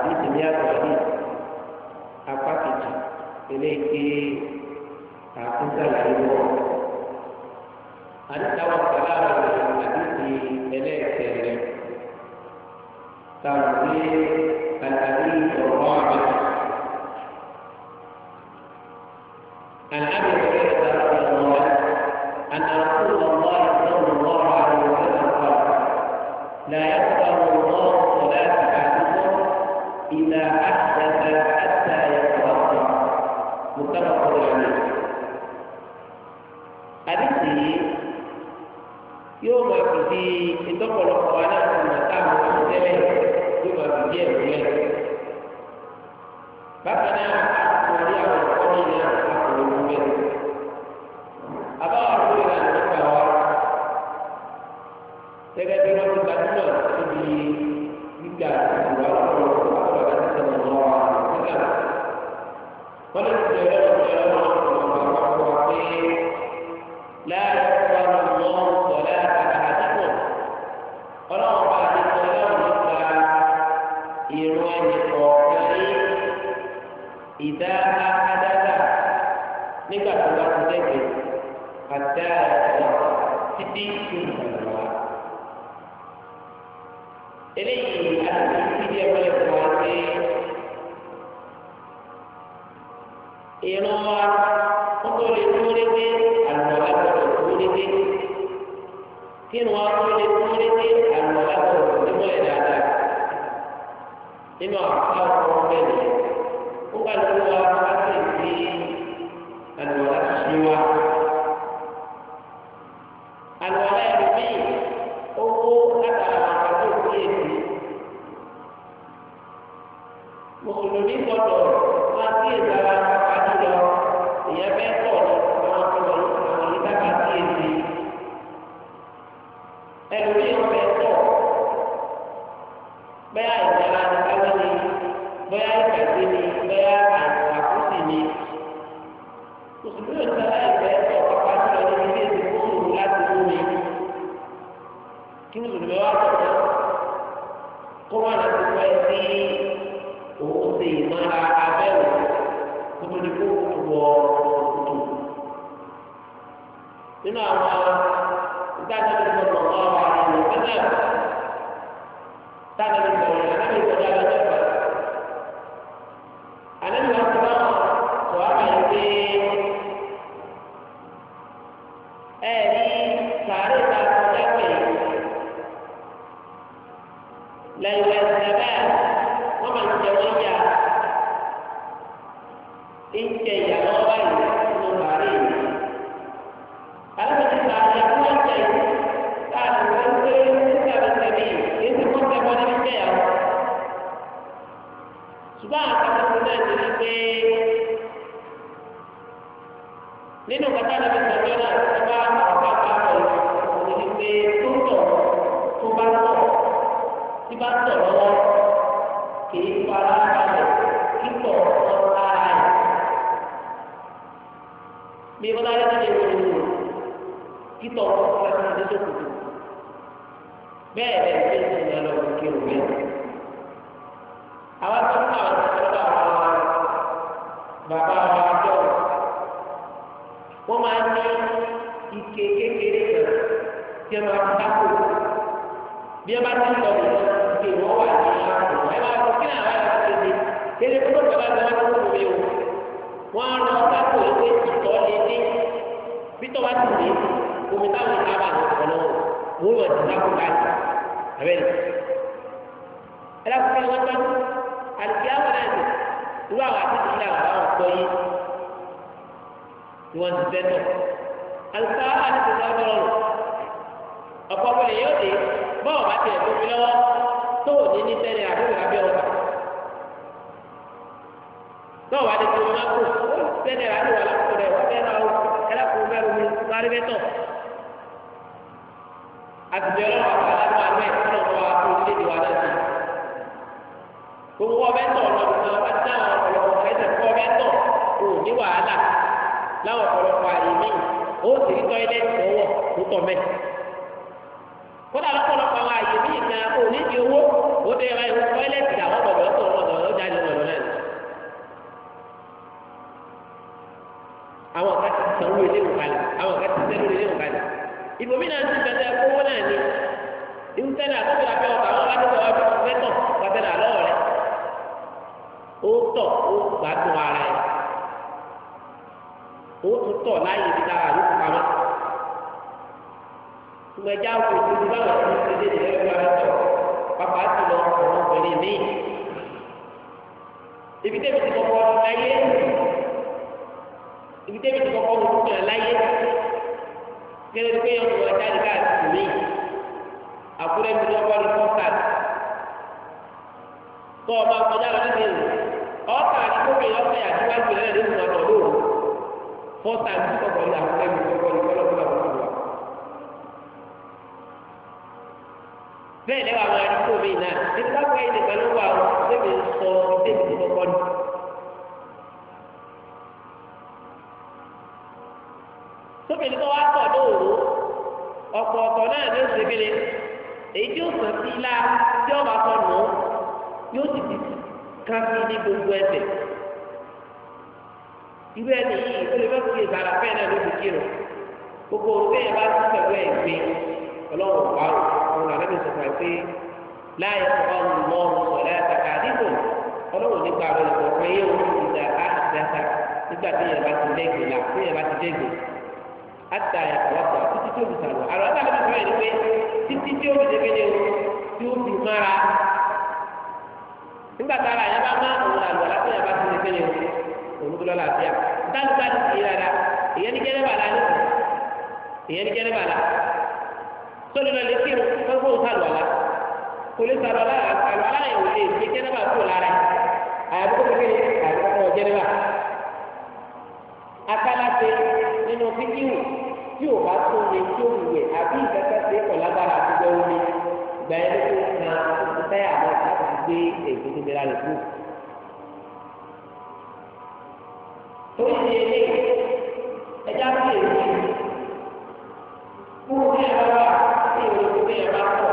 àdìsí ní àgbàdì apá kejì eléyìí àkúntàlàyé lọ. àdìsáwọ̀ sọ̀rọ̀ àwọn àdìsí ẹlẹ́ẹ̀kẹrin tàbí àdìsí ọ̀rọ̀ àbẹ̀tẹ̀. yóò máa fi di ìtọ́pọ̀lọpọ̀ wa náà fún màtá àwọn ọmọdébẹ̀ yóò máa fi di ẹ̀rù lẹ̀. bákan náà a kò rí àwọn ọmọ náà a kò rí bẹ́ẹ̀. ìdá adáta nígbà tó bá ti dẹ́gbẹ̀ àdá ẹ̀rọ títí tó ń bọ̀ wá. eléyìí àti títí ẹgbẹ́ ẹ̀kọ́. nínú àwọn akọ́kọ́ bẹ́ẹ̀ ni ó bá lọ́wọ́ kí mùsùlùmí wá sọ náà kó wà ní pípẹ́ sí òun ṣe ìmọ̀ra abẹ́rù kó tó ní kó wọ òkùtù. nínú àwọn ìdájọ́ tó ń bọ̀ lọ́wọ́ àwọn ọ̀rọ̀ ìlú pẹ́lẹ́ táwọn ìjẹ ìyàwó báyìí ló bàárẹ̀ yìí. alábẹ̀tẹ̀ náà yà kó ọjà yìí láti wọ́n pé nígbà tó tẹ̀lé yìí èyí tí wọ́n tẹ̀wọ́ ní ìjẹ ìyàwó. ṣùgbọ́n àkàtà tó náà ti rí pé nínú kata náà ti sọ̀rọ̀ náà tó bá ọ̀gá bá bọ̀ yìí ni pé tó tọ̀ tó bá tọ̀ tí bá tọ̀ lọ́wọ́ kì í fara balẹ̀ kíkọ̀ ọ̀tá rẹ̀ bí wọn bá lọ́wọ́ lè wọlé wò títọ̀ ọ̀sán ní sòkòtò bẹ́ẹ̀ bẹ́ẹ̀ bí ẹ̀sìn ní ọlọ́wọ́ kí o bẹ́ẹ̀. àwọn tó ń bá wọn sọ́dọ̀ àwọn bàbá wọn àjọ wọn máa ń ní ike kékeré kan tí wọn máa ń dáko bí wọn ti ń lọ ike wọn wà ní ìlú àwọn ẹ máa ń kí náà wọn yà wọ́n kéde kéde kó tó bàbá wọn kó tó wọlé wọn wọ́n rọ kákò ìwé ìtọ́ lé dé bítọ́ bá ti dé omi táwọn ìta bá ti sọ̀rọ̀ wọ́n yọ̀ ti dákú báyìí abẹ́rẹ́ ẹlẹ́kùnrin wọn tọ́jú àti àwọn ẹ̀sìn irú àwọn àti ìdílé àwọn àwọn ọ̀pọ̀ yìí ni wọ́n ti tẹ́tọ̀ àlùfá àti ìdílé ọ̀dọ́rọ̀ ọ̀pọ̀ ọ̀pọ̀ lè yọ̀ dé bọ́ọ̀ bá tiẹ̀ tó fi lọ́wọ́ tó ò ní ní àbúrò abẹ́ ọ̀gbà náà wà á dẹ́kun ọmọ kò ó bẹ́ẹ̀ náà àti wà lápò rẹ̀ wọ́n bẹ́ẹ̀ náà ó ẹlẹ́kùn mẹ́rin mi parí bẹ́tọ̀. àtijọ́ ọlọ́run àti aláwọ̀ àgbẹ̀ ọlọ́run wa kó ilé ìwà náà sí. gbogbo ọbẹ̀ tọ̀ ọ̀nà ọ̀nà pátá ọ̀pọ̀lọpọ̀ ẹsẹ̀ fún ọbẹ̀ tọ̀ kò ní wàhálà láwọn ọ̀pọ̀lọpọ̀ àyè mí ó sì rí tọ́ilẹ̀ ìfọwọ́ tó tọ̀ mẹ́. kódà lọ́pọ̀lọpọ̀ àwọn àyè mí ìgbà kò ní kan wọ ilé ìwòkalẹ̀ àwọn kan ti sẹ́nu ilé ìwòkalẹ̀ ìbomi náà ti bẹ̀rẹ̀ kówó náà ni ìwúsẹ́lẹ̀ àtọ́jú la fẹ́ ọkọ̀ àwọn aládùúgbò wa fi fẹ́ tọ̀ pàtẹ́lẹ̀ àlọ́ rẹ̀ ó tọ̀ ó gbádùn ara rẹ̀ ó tún tọ̀ láàyè ibi tára ló fún pamọ́ ìgbẹ́jà òkè tó ti báwọn ẹni ti dé ìdílé ìlú ara tọ̀ pàpà ti lọ ọ̀rọ̀ obìnrin míì ibi tẹ́bi ti kọ́kọ́ ayé ibi tẹ́bi tó kọ́kọ́ wọ́n fún yàn láyé gẹ́gẹ́ bí yàn wọ́n jáde káàkiri mi àkúrẹ́ mi lọ́kọ́ ní kọ́ńtàt tó ọmọ akọjá lọ ní ìlú ọkà àdìgbòkè ọ̀sẹ̀ àdìgbàgbé rẹ̀ ní ìlú ọ̀dọ̀ lóru kọ́ńtàt tó kọ́kọ́ ní àkúrẹ́ mi lọ́kọ́ ní kọ́lọ́kọ́lọ́ bẹ́ẹ̀ lẹ́wọ̀ àwọn àdìgbò mi náà nípa pé ẹnìkan ló wà ó débi sọ débi tó kọ́kọ́ ni. tóbìnrin tó wá tọ̀ lóòrò ọ̀pọ̀ ọ̀tọ̀ náà ní oṣù kele èyí tí ó sàn sí ilá tí ọba tọ̀ nù yóò ti ti kan sí ní gbogbo ẹsẹ̀ irú ẹni yìí ó lè fẹ́ fi ìbára fẹ́ náà lóbi kírun gbogbo òun bẹ́ẹ̀ bá tún pẹ̀lú ẹ̀ gbé ọlọ́run wà ó òun làwọn ẹni sọ̀tà pé láyé ọlọ́run lọ́rùn sọ̀rọ̀ àtàkà àdìgbò ọlọ́run nípa àwọn ẹ̀kọ́ pé yóò fi ìdá àdìdáta ti dẹ́gbẹ̀ẹ́ là tí yẹn bá ti dẹ́gbẹ̀ẹ́ àtà ìfọwọ́tà títí tí o fi sàlù àlọ́ àtàlẹ́ mi sọ yẹn ni pé títí tí o fi dẹ́gbẹ́dẹ́ o tí o fi mára nígbà tá a ra yẹn bá má òun àlọ́ látọ̀ yẹn bá ti ni o òun gbọ́dọ̀ làbíà dáàbò bá ti yé dada ìyẹn ní jẹ́nẹ́bà la ní ìyẹn ní jẹ́nẹ́bà la sọ́ni lọ lè fi fọ́nfọ́n sàlù àlá kò lè sàlù àlá àlọ́ àlá yẹn ò lè fi jẹ́nẹ́bà kúrò lára àyàbí kò nínú fídíò tí ò bá tó lè tó ìwé àbí ìgbàgbọ́sẹ̀ kọ̀ lágbára àtijọ́ omi ìgbà yẹn ló ń kan oṣù táyà náà láti gbé èyí tó gbéra rẹ̀ kú. torí ní ilé ẹja tó lè rí fún bí ẹ bá wà ní ìwé tó ẹ bá pọ̀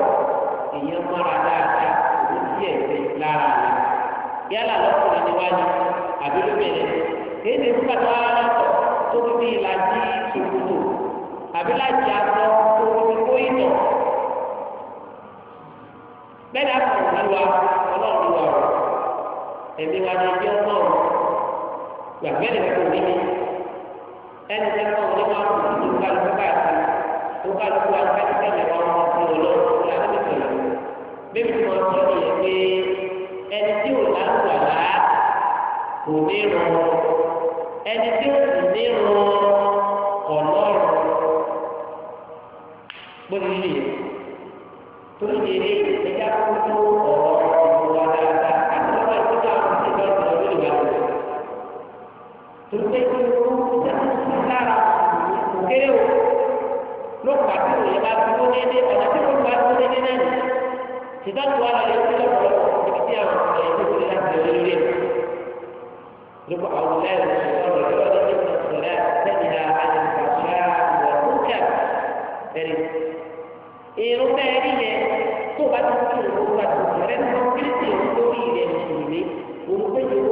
èèyàn mọ́ra dáadáa òun sí ẹ̀sẹ̀ lára rẹ̀ yálà lọ́kùnrin ni àbí lóbìnrin kéde fún bàtà láti òkútó àbí láti àtọ owó tó ìtọ̀ bẹ́ẹ̀ ni a kàn ní wa ọlọ́run wa rọ̀ ẹ̀mí wa ni ẹjọ́ náà gbàgbé ni kò ní ní ẹni tẹ́ náà ní wọn kò tó kálukú káàkiri tó kálukú wa káàkiri kẹ́lẹ̀ wọn wọn fi ọlọ́run tó láti ní pẹ̀lú bébí tí wọ́n sọ yẹ pé ẹni tí ò lálùwàlá kò ní rọ̀ ẹni tí ò sì ní rọ̀. gbọ́dọ̀ yìí nìyẹn torí ìdílé ẹ̀jẹ̀ akókó ọ̀rọ̀ ọ̀rọ̀ dáadáa àti ọ̀rọ̀ ìtọ́jú àwọn ọ̀sẹ̀ ìgbà ọ̀sẹ̀ lórí ìgbà ọ̀sẹ̀ torí pé kí ló ń tẹ́ sí lára kò kéré o ló pa tí o yẹ bá dúró déédéé ọ̀nà tí o bá dúró déédéé náà nì tìtọ́ tó wà lọ́yọ́ sí lọ́pọ̀lọpọ̀ ibi tí àwọn ọ̀sẹ̀ yẹn àwọn ọ̀sẹ̀ yẹn lọ́dọ̀ èrò bẹ́ẹ̀ rí yẹn tó o bá ti kí o kó bá ti kí o rẹ ní wọn kí ló ti èrò lórí rẹ mùsùlùmí òun pé yóò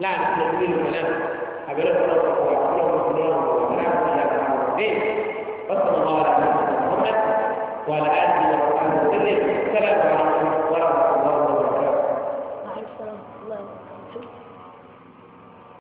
لا نحن نريد ولا حبيبنا الله تعالى كل في اليوم ولا في الليل بس ما هو محمد ولا أدري ما هو